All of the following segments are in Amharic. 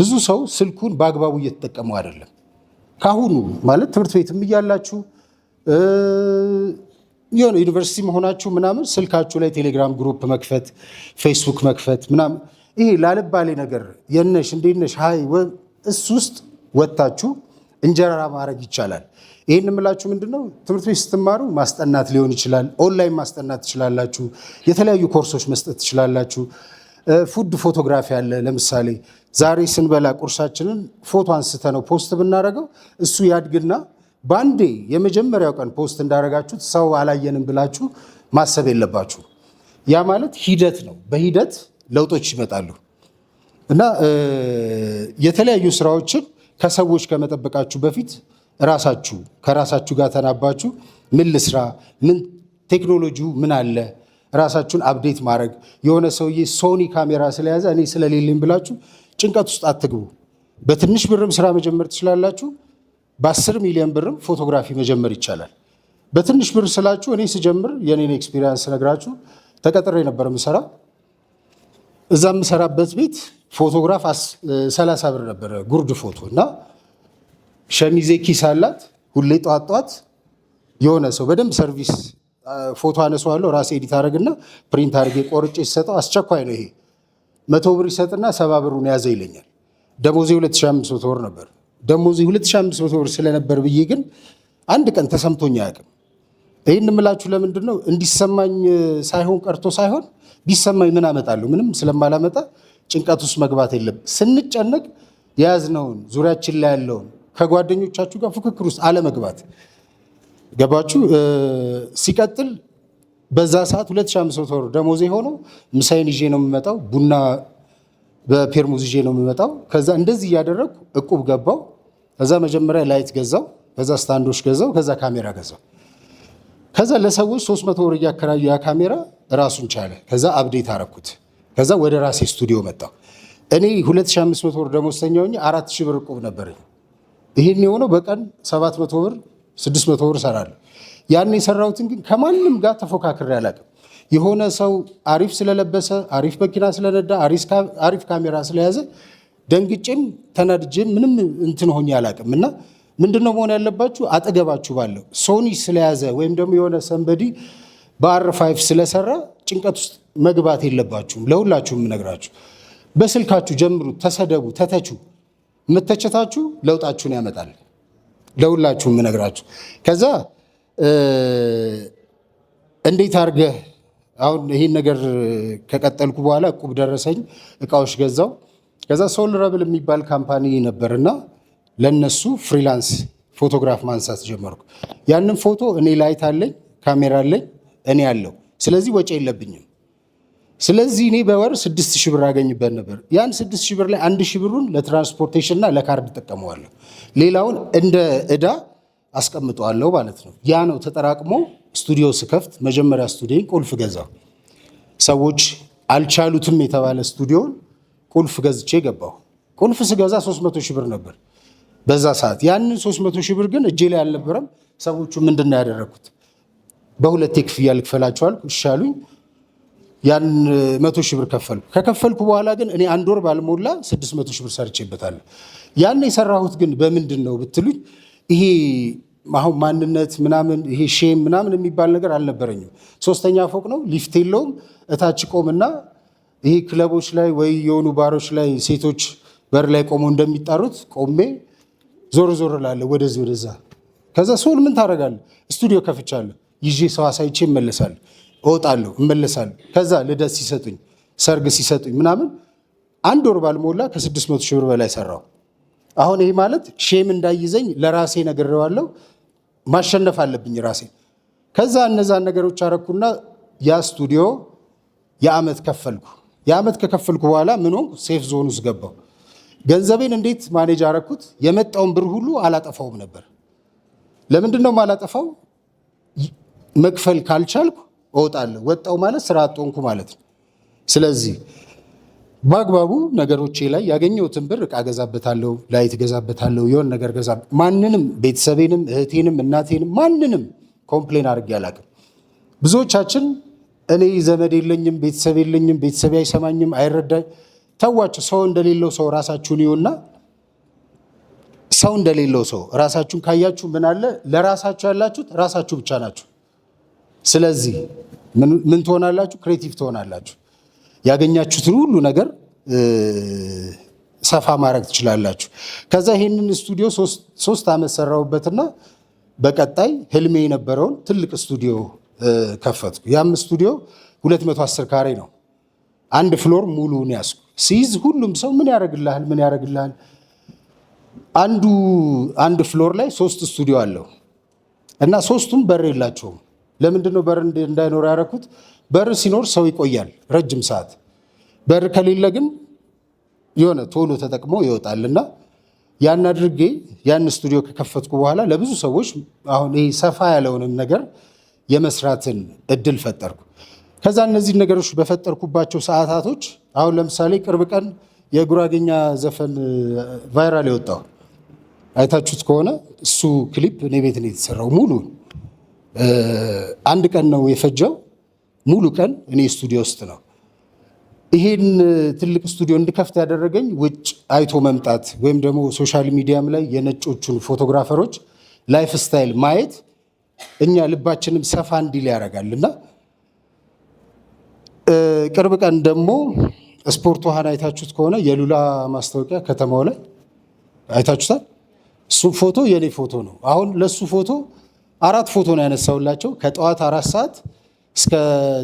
ብዙ ሰው ስልኩን በአግባቡ እየተጠቀመው አይደለም። ካሁኑ ማለት ትምህርት ቤትም እያላችሁ የሆነ ዩኒቨርሲቲ መሆናችሁ ምናምን ስልካችሁ ላይ ቴሌግራም ግሩፕ መክፈት፣ ፌስቡክ መክፈት ምናምን ይሄ ላልባሌ ነገር የነሽ እንዴነሽ ሀይ እሱ ውስጥ ወጥታችሁ እንጀራ ማድረግ ይቻላል። ይህን የምላችሁ ምንድነው ትምህርት ቤት ስትማሩ ማስጠናት ሊሆን ይችላል። ኦንላይን ማስጠናት ትችላላችሁ። የተለያዩ ኮርሶች መስጠት ትችላላችሁ። ፉድ ፎቶግራፊ አለ። ለምሳሌ ዛሬ ስንበላ ቁርሳችንን ፎቶ አንስተ ነው ፖስት ብናደረገው እሱ ያድግና በአንዴ የመጀመሪያው ቀን ፖስት እንዳደረጋችሁት ሰው አላየንም ብላችሁ ማሰብ የለባችሁ። ያ ማለት ሂደት ነው። በሂደት ለውጦች ይመጣሉ እና የተለያዩ ስራዎችን ከሰዎች ከመጠበቃችሁ በፊት ራሳችሁ ከራሳችሁ ጋር ተናባችሁ ምን ልስራ፣ ምን ቴክኖሎጂው ምን አለ ራሳችሁን አብዴት ማድረግ የሆነ ሰውዬ ሶኒ ካሜራ ስለያዘ እኔ ስለሌለኝ ብላችሁ ጭንቀት ውስጥ አትግቡ። በትንሽ ብርም ስራ መጀመር ትችላላችሁ። በአስር ሚሊዮን ብርም ፎቶግራፊ መጀመር ይቻላል። በትንሽ ብር ስላችሁ እኔ ስጀምር የኔን ኤክስፒሪያንስ ነግራችሁ ተቀጥሬ ነበር ምሰራ እዛ የምሰራበት ቤት ፎቶግራፍ ሰላሳ ብር ነበረ ጉርድ ፎቶ እና ሸሚዜ ኪስ አላት። ሁሌ ጠዋት ጠዋት የሆነ ሰው በደንብ ሰርቪስ ፎቶ አነሳዋለሁ ራሴ ኤዲት አደረግና ፕሪንት አድርጌ ቆርጬ ሲሰጠው አስቸኳይ ነው ይሄ መቶ ብር ይሰጥና ሰባ ብሩን ያዘ ይለኛል። ደሞዜ 2500 ብር ነበር። ደሞዜ 2500 ብር ስለነበር ብዬ ግን አንድ ቀን ተሰምቶኝ አያውቅም። ይህን የምላችሁ ለምንድን ነው እንዲሰማኝ ሳይሆን ቀርቶ ሳይሆን ቢሰማኝ ምን አመጣለሁ? ምንም ስለማላመጣ ጭንቀት ውስጥ መግባት የለም። ስንጨነቅ የያዝነውን ዙሪያችን ላይ ያለውን ከጓደኞቻችሁ ጋር ፉክክር ውስጥ አለመግባት ገባችሁ? ሲቀጥል በዛ ሰዓት 2500 ብር ደሞዜ ሆኖ ምሳዬን ይዤ ነው የምመጣው፣ ቡና በፔርሙዝ ይዤ ነው የምመጣው። ከዛ እንደዚህ እያደረግኩ እቁብ ገባው። ከዛ መጀመሪያ ላይት ገዛው፣ ከዛ ስታንዶች ገዛው፣ ከዛ ካሜራ ገዛው። ከዛ ለሰዎች 300 ብር እያከራዩ ያ ካሜራ ራሱን ቻለ። ከዛ አብዴት አረኩት። ከዛ ወደ ራሴ ስቱዲዮ መጣው። እኔ 2500 ብር ደሞዝተኛ ሆኜ 4000 ብር እቁብ ነበረኝ። ይህን የሆነው በቀን 700 ብር ስድስት መቶ ብር እሰራለሁ። ያን የሰራሁትን ግን ከማንም ጋር ተፎካክሬ አላውቅም። የሆነ ሰው አሪፍ ስለለበሰ፣ አሪፍ መኪና ስለነዳ፣ አሪፍ ካሜራ ስለያዘ ደንግጬም ተናድጄም ምንም እንትን ሆኜ አላውቅም እና ምንድነው መሆን ያለባችሁ አጠገባችሁ ባለው ሶኒ ስለያዘ ወይም ደግሞ የሆነ ሰንበዲ በአር ፋይቭ ስለሰራ ጭንቀት ውስጥ መግባት የለባችሁም። ለሁላችሁ የምነግራችሁ በስልካችሁ ጀምሩ፣ ተሰደቡ፣ ተተቹ። ምተቸታችሁ ለውጣችሁን ያመጣል። ለሁላችሁ የምነግራችሁ። ከዛ እንዴት አድርገህ አሁን ይህን ነገር ከቀጠልኩ በኋላ እቁብ ደረሰኝ፣ እቃዎች ገዛው። ከዛ ሶል ረብል የሚባል ካምፓኒ ነበርና ለነሱ ፍሪላንስ ፎቶግራፍ ማንሳት ጀመርኩ። ያንን ፎቶ እኔ ላይት አለኝ፣ ካሜራ አለኝ፣ እኔ አለው። ስለዚህ ወጪ የለብኝም። ስለዚህ እኔ በወር ስድስት ሺህ ብር አገኝበት ነበር። ያን ስድስት ሺህ ብር ላይ አንድ ሺህ ብሩን ለትራንስፖርቴሽን ለካርድ ጠቀመዋለሁ። ሌላውን እንደ እዳ አስቀምጠዋለሁ ማለት ነው። ያ ነው ተጠራቅሞ ስቱዲዮ ስከፍት መጀመሪያ ስቱዲዮን ቁልፍ ገዛ። ሰዎች አልቻሉትም የተባለ ስቱዲዮን ቁልፍ ገዝቼ ገባሁ። ቁልፍ ስገዛ 300 ሺህ ብር ነበር በዛ ሰዓት። ያንን 300 ሺህ ብር ግን እጄ ላይ አልነበረም። ሰዎቹ ምንድን ነው ያደረግኩት? በሁለቴ ክፍያ ልክፈላቸዋል ይሻሉኝ። ያን መቶ ሺህ ብር ከፈልኩ። ከከፈልኩ በኋላ ግን እኔ አንድ ወር ባልሞላ ስድስት መቶ ሺህ ብር ሰርቼበታለሁ። ያን የሰራሁት ግን በምንድን ነው ብትሉኝ ይሄ አሁን ማንነት ምናምን ይሄ ሼም ምናምን የሚባል ነገር አልነበረኝም። ሶስተኛ ፎቅ ነው፣ ሊፍት የለውም። እታች ቆምና ይሄ ክለቦች ላይ ወይ የሆኑ ባሮች ላይ ሴቶች በር ላይ ቆመው እንደሚጣሩት ቆሜ ዞር ዞር ላለ ወደዚህ ወደዛ። ከዛ ሶል ምን ታደርጋለህ? ስቱዲዮ ከፍቻለሁ። ይዤ ሰው አሳይቼ እመለሳለሁ። እወጣለሁ፣ እመለሳለሁ። ከዛ ልደት ሲሰጡኝ፣ ሰርግ ሲሰጡኝ ምናምን አንድ ወር ባልሞላ ከ መቶ ሺህ ብር በላይ ሰራው። አሁን ይሄ ማለት ሼም እንዳይዘኝ ለራሴ ነግሬዋለሁ። ማሸነፍ አለብኝ ራሴ። ከዛ እነዛን ነገሮች አረኩና ያ ስቱዲዮ የዓመት ከፈልኩ። የአመት ከከፈልኩ በኋላ ምን ሆንኩ? ሴፍ ዞን ውስጥ ገባው። ገንዘቤን እንዴት ማኔጅ አረኩት? የመጣውን ብር ሁሉ አላጠፋውም ነበር። ለምንድን ነው ማላጠፋው? መክፈል ካልቻልኩ እወጣለሁ። ወጣው ማለት ስራ አጦንኩ ማለት ነው። ስለዚህ በአግባቡ ነገሮቼ ላይ ያገኘሁትን ብር እቃ ገዛበታለሁ፣ ላይት ገዛበታለሁ፣ የሆን ነገር ገዛ ማንንም ቤተሰቤንም እህቴንም እናቴንም ማንንም ኮምፕሌን አድርጌ አላውቅም። ብዙዎቻችን እኔ ዘመድ የለኝም፣ ቤተሰብ የለኝም፣ ቤተሰብ አይሰማኝም፣ አይረዳኝ። ተዋቸው። ሰው እንደሌለው ሰው ራሳችሁን ይሁና ሰው እንደሌለው ሰው ራሳችሁን ካያችሁ ምን አለ ለራሳችሁ ያላችሁት ራሳችሁ ብቻ ናችሁ። ስለዚህ ምን ትሆናላችሁ? ክሬቲቭ ትሆናላችሁ። ያገኛችሁትን ሁሉ ነገር ሰፋ ማድረግ ትችላላችሁ። ከዛ ይህንን ስቱዲዮ ሶስት ዓመት ሰራሁበትና በቀጣይ ህልሜ የነበረውን ትልቅ ስቱዲዮ ከፈትኩ። ያም ስቱዲዮ 210 ካሬ ነው። አንድ ፍሎር ሙሉን ያዝኩ። ሲይዝ ሁሉም ሰው ምን ያደርግልሃል? ምን ያደርግልሃል? አንዱ አንድ ፍሎር ላይ ሶስት ስቱዲዮ አለው እና ሶስቱም በር የላቸውም። ለምንድን ነው በር እንዳይኖር ያደረኩት? በር ሲኖር ሰው ይቆያል ረጅም ሰዓት። በር ከሌለ ግን የሆነ ቶሎ ተጠቅሞ ይወጣልና ያን አድርጌ ያን ስቱዲዮ ከከፈትኩ በኋላ ለብዙ ሰዎች አሁን ይህ ሰፋ ያለውንም ነገር የመስራትን እድል ፈጠርኩ። ከዛ እነዚህ ነገሮች በፈጠርኩባቸው ሰዓታቶች አሁን ለምሳሌ ቅርብ ቀን የጉራገኛ ዘፈን ቫይራል የወጣው አይታችሁት ከሆነ እሱ ክሊፕ እኔ ቤት ነው የተሰራው ሙሉ አንድ ቀን ነው የፈጀው። ሙሉ ቀን እኔ ስቱዲዮ ውስጥ ነው። ይሄን ትልቅ ስቱዲዮ እንድከፍት ያደረገኝ ውጭ አይቶ መምጣት ወይም ደግሞ ሶሻል ሚዲያም ላይ የነጮቹን ፎቶግራፈሮች ላይፍ ስታይል ማየት እኛ ልባችንም ሰፋ እንዲል ያደርጋል እና ቅርብ ቀን ደግሞ ስፖርት ውሃን አይታችሁት ከሆነ የሉላ ማስታወቂያ ከተማው ላይ አይታችሁታል። እሱ ፎቶ የኔ ፎቶ ነው። አሁን ለእሱ ፎቶ አራት ፎቶ ነው ያነሳውላቸው ከጠዋት አራት ሰዓት እስከ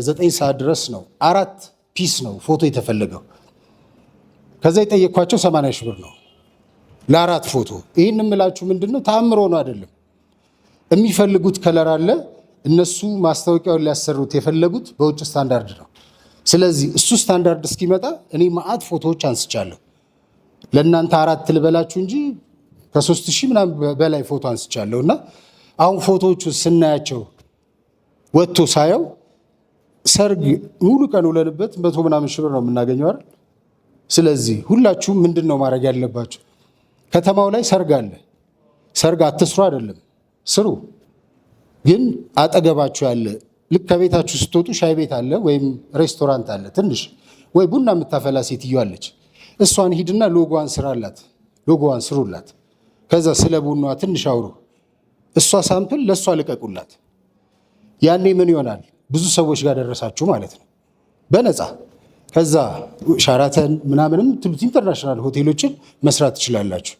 ዘጠኝ ሰዓት ድረስ ነው። አራት ፒስ ነው ፎቶ የተፈለገው። ከዛ የጠየኳቸው ሰማንያ ሺህ ብር ነው ለአራት ፎቶ። ይህን የምላችሁ ምንድን ነው ተአምሮ ነው አይደለም። የሚፈልጉት ከለር አለ። እነሱ ማስታወቂያውን ሊያሰሩት የፈለጉት በውጭ ስታንዳርድ ነው። ስለዚህ እሱ ስታንዳርድ እስኪመጣ እኔ ማአት ፎቶዎች አንስቻለሁ። ለእናንተ አራት ልበላችሁ እንጂ ከሶስት ሺህ ምናምን በላይ ፎቶ አንስቻለሁ እና አሁን ፎቶዎቹ ስናያቸው ወጥቶ ሳየው ሰርግ ሙሉ ቀን ውለንበት መቶ ምናምን ሽብር ነው የምናገኘው አይደል? ስለዚህ ሁላችሁም ምንድን ነው ማድረግ ያለባችሁ? ከተማው ላይ ሰርግ አለ። ሰርግ አትስሩ አይደለም፣ ስሩ። ግን አጠገባችሁ ያለ ልክ ከቤታችሁ ስትወጡ ሻይ ቤት አለ ወይም ሬስቶራንት አለ ትንሽ ወይ ቡና የምታፈላ ሴትዮ አለች። እሷን ሂድና ሎጎዋን ስራላት፣ ሎጎዋን ስሩላት። ከዛ ስለ ቡናዋ ትንሽ አውሩ። እሷ ሳምፕል ለእሷ ልቀቁላት። ያኔ ምን ይሆናል? ብዙ ሰዎች ጋር ደረሳችሁ ማለት ነው በነፃ ከዛ ሻራተን ምናምንም ትሉት ኢንተርናሽናል ሆቴሎችን መስራት ትችላላችሁ።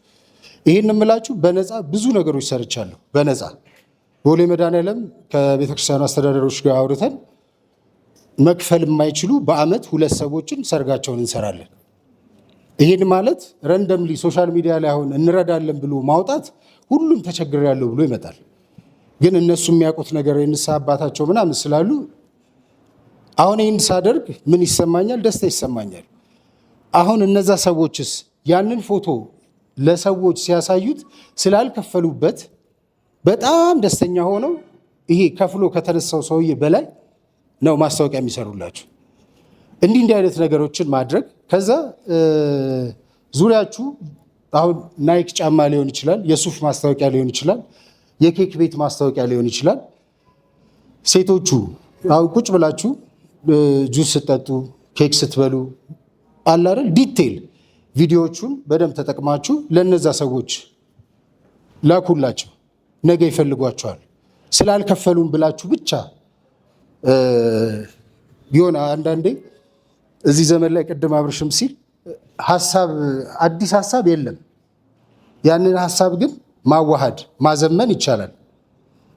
ይህን የምላችሁ በነፃ ብዙ ነገሮች ሰርቻለሁ። በነፃ ቦሌ መድኃኔዓለም ከቤተክርስቲያኑ አስተዳደሮች ጋር አውርተን መክፈል የማይችሉ በአመት ሁለት ሰዎችን ሰርጋቸውን እንሰራለን። ይሄን ማለት ረንደምሊ ሶሻል ሚዲያ ላይ አሁን እንረዳለን ብሎ ማውጣት ሁሉም ተቸግር ያለው ብሎ ይመጣል። ግን እነሱ የሚያውቁት ነገር የንስሐ አባታቸው ምናምን ስላሉ አሁን ይህን ሳደርግ ምን ይሰማኛል? ደስታ ይሰማኛል። አሁን እነዛ ሰዎችስ ያንን ፎቶ ለሰዎች ሲያሳዩት ስላልከፈሉበት በጣም ደስተኛ ሆነው ይሄ ከፍሎ ከተነሳው ሰውዬ በላይ ነው ማስታወቂያ የሚሰሩላቸው። እንዲህ እንዲህ አይነት ነገሮችን ማድረግ ከዛ ዙሪያችሁ አሁን ናይክ ጫማ ሊሆን ይችላል፣ የሱፍ ማስታወቂያ ሊሆን ይችላል፣ የኬክ ቤት ማስታወቂያ ሊሆን ይችላል። ሴቶቹ አሁን ቁጭ ብላችሁ ጁስ ስጠጡ፣ ኬክ ስትበሉ አለ አይደል ዲቴል ቪዲዮዎቹን በደንብ ተጠቅማችሁ ለነዛ ሰዎች ላኩላቸው። ነገ ይፈልጓቸዋል። ስላልከፈሉም ብላችሁ ብቻ የሆነ አንዳንዴ እዚህ ዘመን ላይ ቅድም አብርሽም ሲል ሀሳብ አዲስ ሀሳብ የለም። ያንን ሀሳብ ግን ማዋሃድ ማዘመን ይቻላል።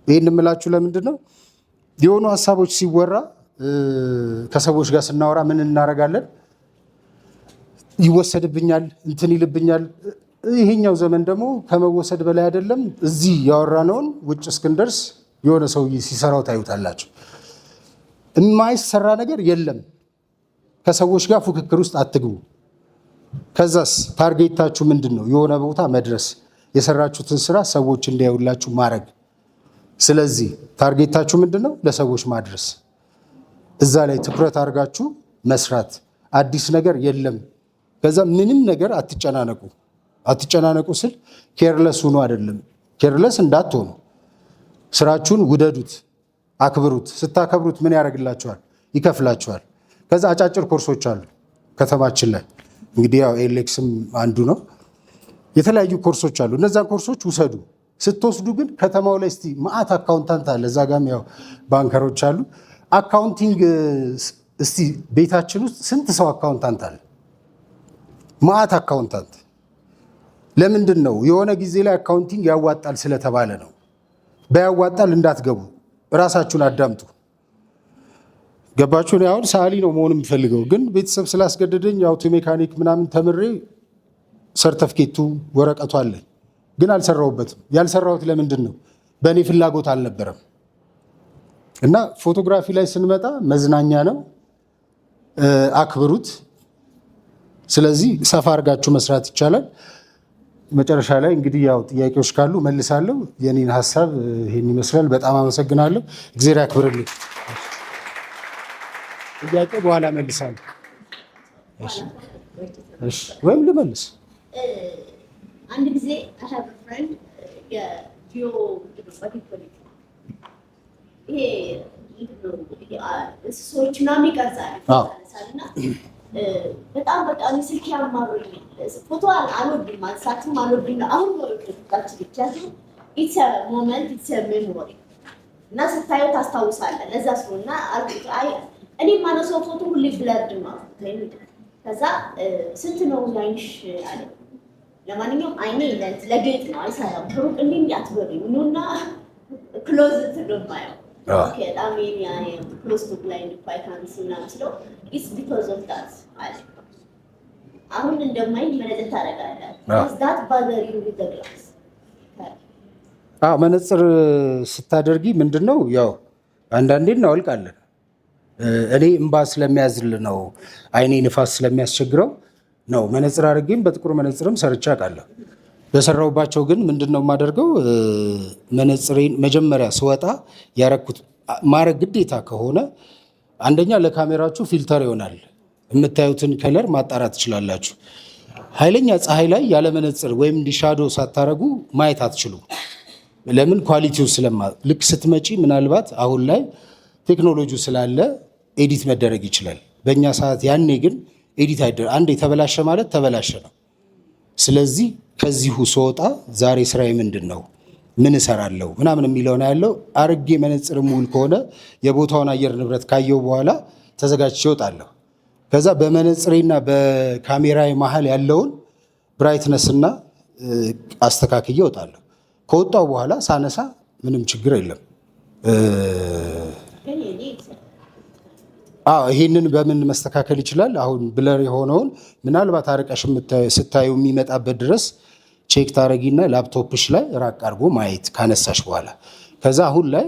ይህን የምላችሁ ለምንድን ነው? የሆኑ ሀሳቦች ሲወራ ከሰዎች ጋር ስናወራ ምን እናደርጋለን? ይወሰድብኛል፣ እንትን ይልብኛል። ይሄኛው ዘመን ደግሞ ከመወሰድ በላይ አይደለም። እዚህ ያወራነውን ውጭ እስክንደርስ የሆነ ሰውዬ ሲሰራው ታዩታላችሁ። የማይሰራ ነገር የለም። ከሰዎች ጋር ፉክክር ውስጥ አትግቡ። ከዛስ ታርጌታችሁ ምንድን ነው? የሆነ ቦታ መድረስ፣ የሰራችሁትን ስራ ሰዎች እንዲያዩላችሁ ማድረግ። ስለዚህ ታርጌታችሁ ምንድን ነው? ለሰዎች ማድረስ። እዛ ላይ ትኩረት አድርጋችሁ መስራት። አዲስ ነገር የለም። ከዛ ምንም ነገር አትጨናነቁ። አትጨናነቁ ስል ኬርለስ ሆኖ አይደለም፣ ኬርለስ እንዳትሆኑ። ስራችሁን ውደዱት፣ አክብሩት። ስታከብሩት ምን ያደርግላችኋል? ይከፍላችኋል። ከዛ አጫጭር ኮርሶች አሉ ከተማችን ላይ እንግዲህ ያው ኤሌክስም አንዱ ነው። የተለያዩ ኮርሶች አሉ። እነዛን ኮርሶች ውሰዱ። ስትወስዱ ግን ከተማው ላይ እስኪ መዓት አካውንታንት አለ፣ እዛ ጋም ያው ባንከሮች አሉ። አካውንቲንግ እስቲ ቤታችን ውስጥ ስንት ሰው አካውንታንት አለ? መዓት አካውንታንት ለምንድን ነው? የሆነ ጊዜ ላይ አካውንቲንግ ያዋጣል ስለተባለ ነው። ባያዋጣል እንዳትገቡ፣ እራሳችሁን አዳምጡ። ገባችሁ? እኔ አሁን ሳሊ ነው መሆን የምፈልገው፣ ግን ቤተሰብ ስላስገደደኝ አውቶ ሜካኒክ ምናምን ተምሬ ሰርተፍኬቱ ወረቀቱ አለኝ፣ ግን አልሰራውበትም ያልሰራሁት ለምንድን ነው? በእኔ ፍላጎት አልነበረም። እና ፎቶግራፊ ላይ ስንመጣ መዝናኛ ነው፣ አክብሩት። ስለዚህ ሰፋ አድርጋችሁ መስራት ይቻላል። መጨረሻ ላይ እንግዲህ ያው ጥያቄዎች ካሉ መልሳለሁ። የኔን ሀሳብ ይሄን ይመስላል። በጣም አመሰግናለሁ። እግዜር ያክብርልኝ። ጥያቄ በኋላ መልሳለሁ ወይም ልመልስ። አንድ ጊዜ ፍሬንድ የጂኦ እንስሶች ምናምን ይቀርጻል በጣም በቃ ስልክ ያማሩኝ ፎቶ አልወድም፣ ማንሳትም አልወድም። አሁን ወደቃች ብቻ ኢትስ ሞመንት ኢትስ ሜሞሪ እና ስታየው ታስታውሳለህ። ለዛ ስለሆነ እኔ ማነሳው ፎቶ ሁሌ ብለርድ ማለት ነው። ከዛ ስንት ነው ላይንሽ አለ። ለማንኛውም አይኔ ለጌጥ ነው አይሰራም። ብሩክ እንዲ እንዲ ኑና ክሎዝት ነው በጣም ክሎዝ ቱ ብላይንድ ምናምን ስለው ኢትስ ቢኮዝ ኦፍ ዳት አለ። አሁን እንደማይ መነጽር ታደርጋለህ ዳት ባዘር ዩ ዊዝ ግላስ መነጽር ስታደርጊ ምንድን ነው ያው አንዳንዴ እናወልቃለን እኔ እምባ ስለሚያዝል ነው አይኔ ንፋስ ስለሚያስቸግረው ነው መነጽር አድርጌም በጥቁር መነጽርም ሰርቻ አውቃለሁ። በሰራውባቸው ግን ምንድን ነው የማደርገው መነጽሬን መጀመሪያ ስወጣ ያረኩት ማረግ ግዴታ ከሆነ አንደኛ ለካሜራችሁ ፊልተር ይሆናል። የምታዩትን ከለር ማጣራት ትችላላችሁ። ኃይለኛ ፀሐይ ላይ ያለ መነጽር ወይም ሻዶ ሳታረጉ ማየት አትችሉ ለምን? ኳሊቲው ስለማ ልክ ስትመጪ ምናልባት አሁን ላይ ቴክኖሎጂ ስላለ ኤዲት መደረግ ይችላል። በእኛ ሰዓት ያኔ ግን ኤዲት አይደ አንድ የተበላሸ ማለት ተበላሸ ነው። ስለዚህ ከዚሁ ስወጣ ዛሬ ስራዬ ምንድን ነው፣ ምን እሰራለሁ ምናምን የሚለው ነው ያለው። አርጌ መነጽር ሙል ከሆነ የቦታውን አየር ንብረት ካየው በኋላ ተዘጋጅቼ እወጣለሁ። ከዛ በመነጽሬና በካሜራዬ መሀል ያለውን ብራይትነስና አስተካክዬ እወጣለሁ። ከወጣው በኋላ ሳነሳ ምንም ችግር የለም። ይህንን በምን መስተካከል ይችላል? አሁን ብለር የሆነውን ምናልባት አርቀሽ ስታዩ የሚመጣበት ድረስ ቼክ ታረጊና ላፕቶፕሽ ላይ ራቅ አድርጎ ማየት ካነሳሽ በኋላ ከዛ አሁን ላይ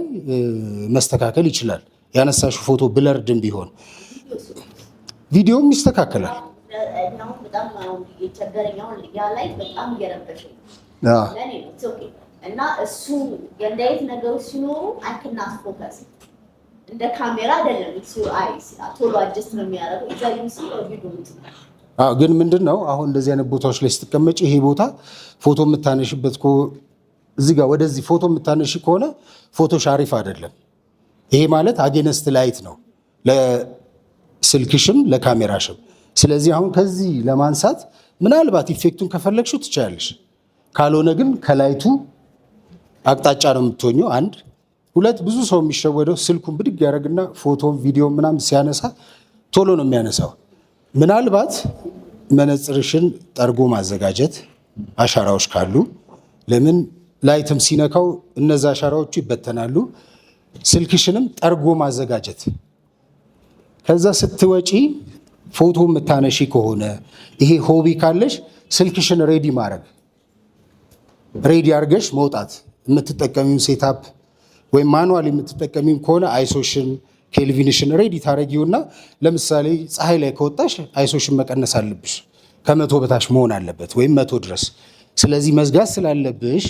መስተካከል ይችላል። ያነሳሽ ፎቶ ብለርድን ቢሆን ቪዲዮም ይስተካከላል። እና እሱ ነገሮች ሲኖሩ እንደ ካሜራ አይደለም። ኢትስ ዩር አይስ ቶሎ አጀስት ነው የሚያደርገው። ኢዘር ዩ ሲ ኦር ዩ ዶንት አዎ ግን ምንድን ነው አሁን እንደዚህ አይነት ቦታዎች ላይ ስትቀመጭ ይሄ ቦታ ፎቶ የምታነሽበት እዚህ ጋር ወደዚህ ፎቶ የምታነሽ ከሆነ ፎቶ ሻሪፍ አይደለም። ይሄ ማለት አጌነስት ላይት ነው ለስልክሽም ለካሜራሽም። ስለዚህ አሁን ከዚህ ለማንሳት ምናልባት ኢፌክቱን ከፈለግሽው ትችላለሽ። ካልሆነ ግን ከላይቱ አቅጣጫ ነው የምትሆኘው አንድ ሁለት ብዙ ሰው የሚሸወደው ስልኩን ብድግ ያደረግና ፎቶ ቪዲዮ ምናምን ሲያነሳ ቶሎ ነው የሚያነሳው። ምናልባት መነጽርሽን ጠርጎ ማዘጋጀት አሻራዎች ካሉ ለምን ላይትም ሲነካው እነዚ አሻራዎቹ ይበተናሉ። ስልክሽንም ጠርጎ ማዘጋጀት ከዛ ስትወጪ ፎቶ የምታነሺ ከሆነ ይሄ ሆቢ ካለሽ ስልክሽን ሬዲ ማድረግ ሬዲ አድርገሽ መውጣት የምትጠቀሚውን ሴታፕ ወይም ማኑዋል የምትጠቀሚም ከሆነ አይሶሽን ኬልቪንሽን ሬዲ ታረጊውና ለምሳሌ ፀሐይ ላይ ከወጣሽ አይሶሽን መቀነስ አለብሽ። ከመቶ በታች መሆን አለበት ወይም መቶ ድረስ። ስለዚህ መዝጋት ስላለብሽ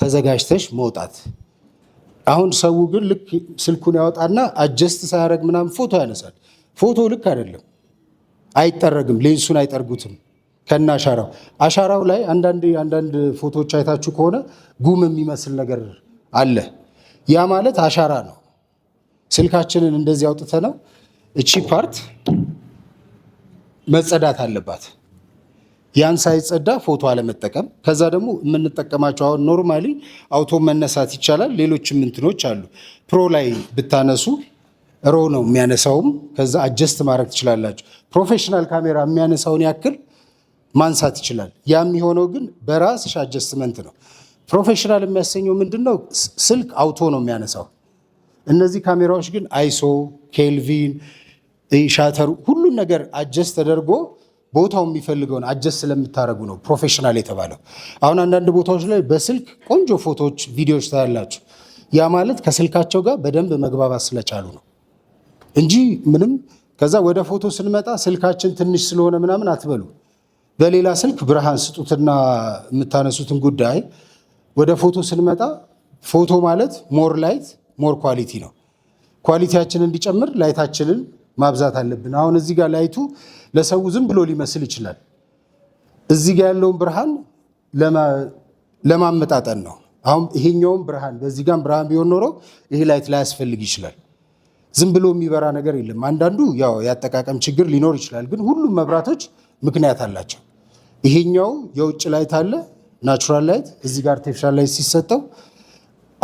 ተዘጋጅተሽ መውጣት። አሁን ሰው ግን ልክ ስልኩን ያወጣና አጀስት ሳያደረግ ምናምን ፎቶ ያነሳል። ፎቶ ልክ አይደለም፣ አይጠረግም፣ ሌንሱን አይጠርጉትም ከነ አሻራው። አሻራው ላይ አንዳንድ አንዳንድ ፎቶዎች አይታችሁ ከሆነ ጉም የሚመስል ነገር አለ። ያ ማለት አሻራ ነው። ስልካችንን እንደዚህ አውጥተ ነው እቺ ፓርት መጸዳት አለባት። ያን ሳይጸዳ ፎቶ አለመጠቀም። ከዛ ደግሞ የምንጠቀማቸው አሁን ኖርማሊ አውቶ መነሳት ይቻላል። ሌሎችም እንትኖች አሉ። ፕሮ ላይ ብታነሱ ሮ ነው የሚያነሳውም፣ ከዛ አጀስት ማድረግ ትችላላችሁ። ፕሮፌሽናል ካሜራ የሚያነሳውን ያክል ማንሳት ይችላል። ያ የሚሆነው ግን በራስሽ አጀስትመንት ነው። ፕሮፌሽናል የሚያሰኘው ምንድን ነው? ስልክ አውቶ ነው የሚያነሳው። እነዚህ ካሜራዎች ግን አይሶ፣ ኬልቪን፣ ሻተሩ ሁሉን ነገር አጀስት ተደርጎ ቦታው የሚፈልገውን አጀስት ስለምታደርጉ ነው ፕሮፌሽናል የተባለው። አሁን አንዳንድ ቦታዎች ላይ በስልክ ቆንጆ ፎቶዎች፣ ቪዲዮዎች ታያላችሁ። ያ ማለት ከስልካቸው ጋር በደንብ መግባባት ስለቻሉ ነው እንጂ ምንም ከዛ ወደ ፎቶ ስንመጣ ስልካችን ትንሽ ስለሆነ ምናምን አትበሉ። በሌላ ስልክ ብርሃን ስጡትና የምታነሱትን ጉዳይ ወደ ፎቶ ስንመጣ ፎቶ ማለት ሞር ላይት ሞር ኳሊቲ ነው። ኳሊቲያችንን እንዲጨምር ላይታችንን ማብዛት አለብን። አሁን እዚህ ጋር ላይቱ ለሰው ዝም ብሎ ሊመስል ይችላል። እዚህ ጋር ያለውን ብርሃን ለማመጣጠን ነው። አሁን ይሄኛውም ብርሃን በዚህ ጋር ብርሃን ቢሆን ኖሮ ይሄ ላይት ላያስፈልግ ይችላል። ዝም ብሎ የሚበራ ነገር የለም። አንዳንዱ ያው የአጠቃቀም ችግር ሊኖር ይችላል፣ ግን ሁሉም መብራቶች ምክንያት አላቸው። ይሄኛው የውጭ ላይት አለ ናቹራል ላይት እዚህ ጋር አርቲፊሻል ላይት ሲሰጠው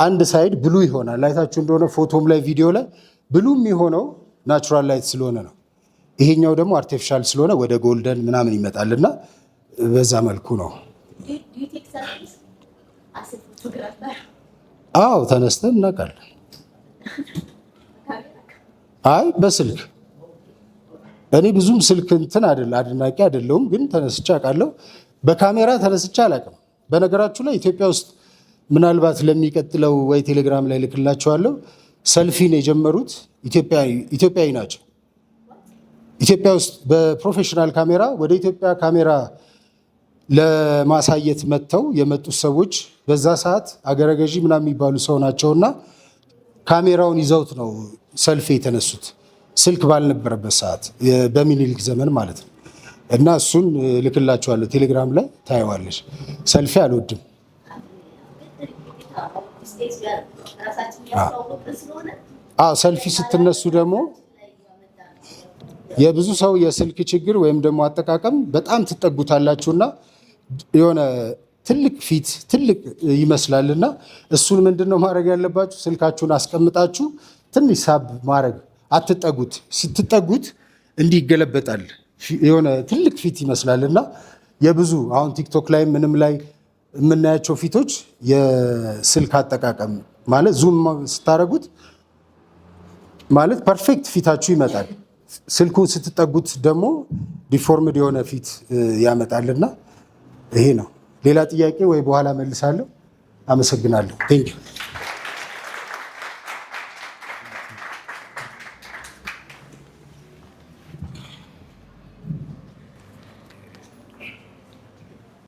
አንድ ሳይድ ብሉ ይሆናል። ላይታችሁ እንደሆነ ፎቶም ላይ ቪዲዮ ላይ ብሉ የሚሆነው ናቹራል ላይት ስለሆነ ነው። ይሄኛው ደግሞ አርቲፊሻል ስለሆነ ወደ ጎልደን ምናምን ይመጣል እና በዛ መልኩ ነው። አዎ ተነስተን እናውቃለን። አይ በስልክ እኔ ብዙም ስልክ እንትን አድናቂ አይደለሁም፣ ግን ተነስቼ አውቃለሁ። በካሜራ ተነስቼ አላውቅም። በነገራችሁ ላይ ኢትዮጵያ ውስጥ ምናልባት ለሚቀጥለው ወይ ቴሌግራም ላይ ልክላችኋለሁ። ሰልፊን የጀመሩት ኢትዮጵያዊ ናቸው። ኢትዮጵያ ውስጥ በፕሮፌሽናል ካሜራ ወደ ኢትዮጵያ ካሜራ ለማሳየት መጥተው የመጡት ሰዎች በዛ ሰዓት አገረ ገዢ ምናምን የሚባሉ ሰው ናቸውና ካሜራውን ይዘውት ነው ሰልፊ የተነሱት። ስልክ ባልነበረበት ሰዓት በሚኒሊክ ዘመን ማለት ነው። እና እሱን ልክላችኋለሁ ቴሌግራም ላይ ታየዋለች። ሰልፊ አልወድም። ሰልፊ ስትነሱ ደግሞ የብዙ ሰው የስልክ ችግር ወይም ደግሞ አጠቃቀም በጣም ትጠጉታላችሁና የሆነ ትልቅ ፊት ትልቅ ይመስላልና እሱን ምንድን ነው ማድረግ ያለባችሁ? ስልካችሁን አስቀምጣችሁ ትንሽ ሳብ ማድረግ አትጠጉት። ስትጠጉት እንዲህ ይገለበጣል። የሆነ ትልቅ ፊት ይመስላል እና የብዙ አሁን ቲክቶክ ላይ ምንም ላይ የምናያቸው ፊቶች የስልክ አጠቃቀም ማለት ዙም ስታደረጉት ማለት ፐርፌክት ፊታችሁ ይመጣል። ስልኩን ስትጠጉት ደግሞ ዲፎርምድ የሆነ ፊት ያመጣልና ይሄ ነው። ሌላ ጥያቄ ወይ በኋላ መልሳለሁ። አመሰግናለሁ።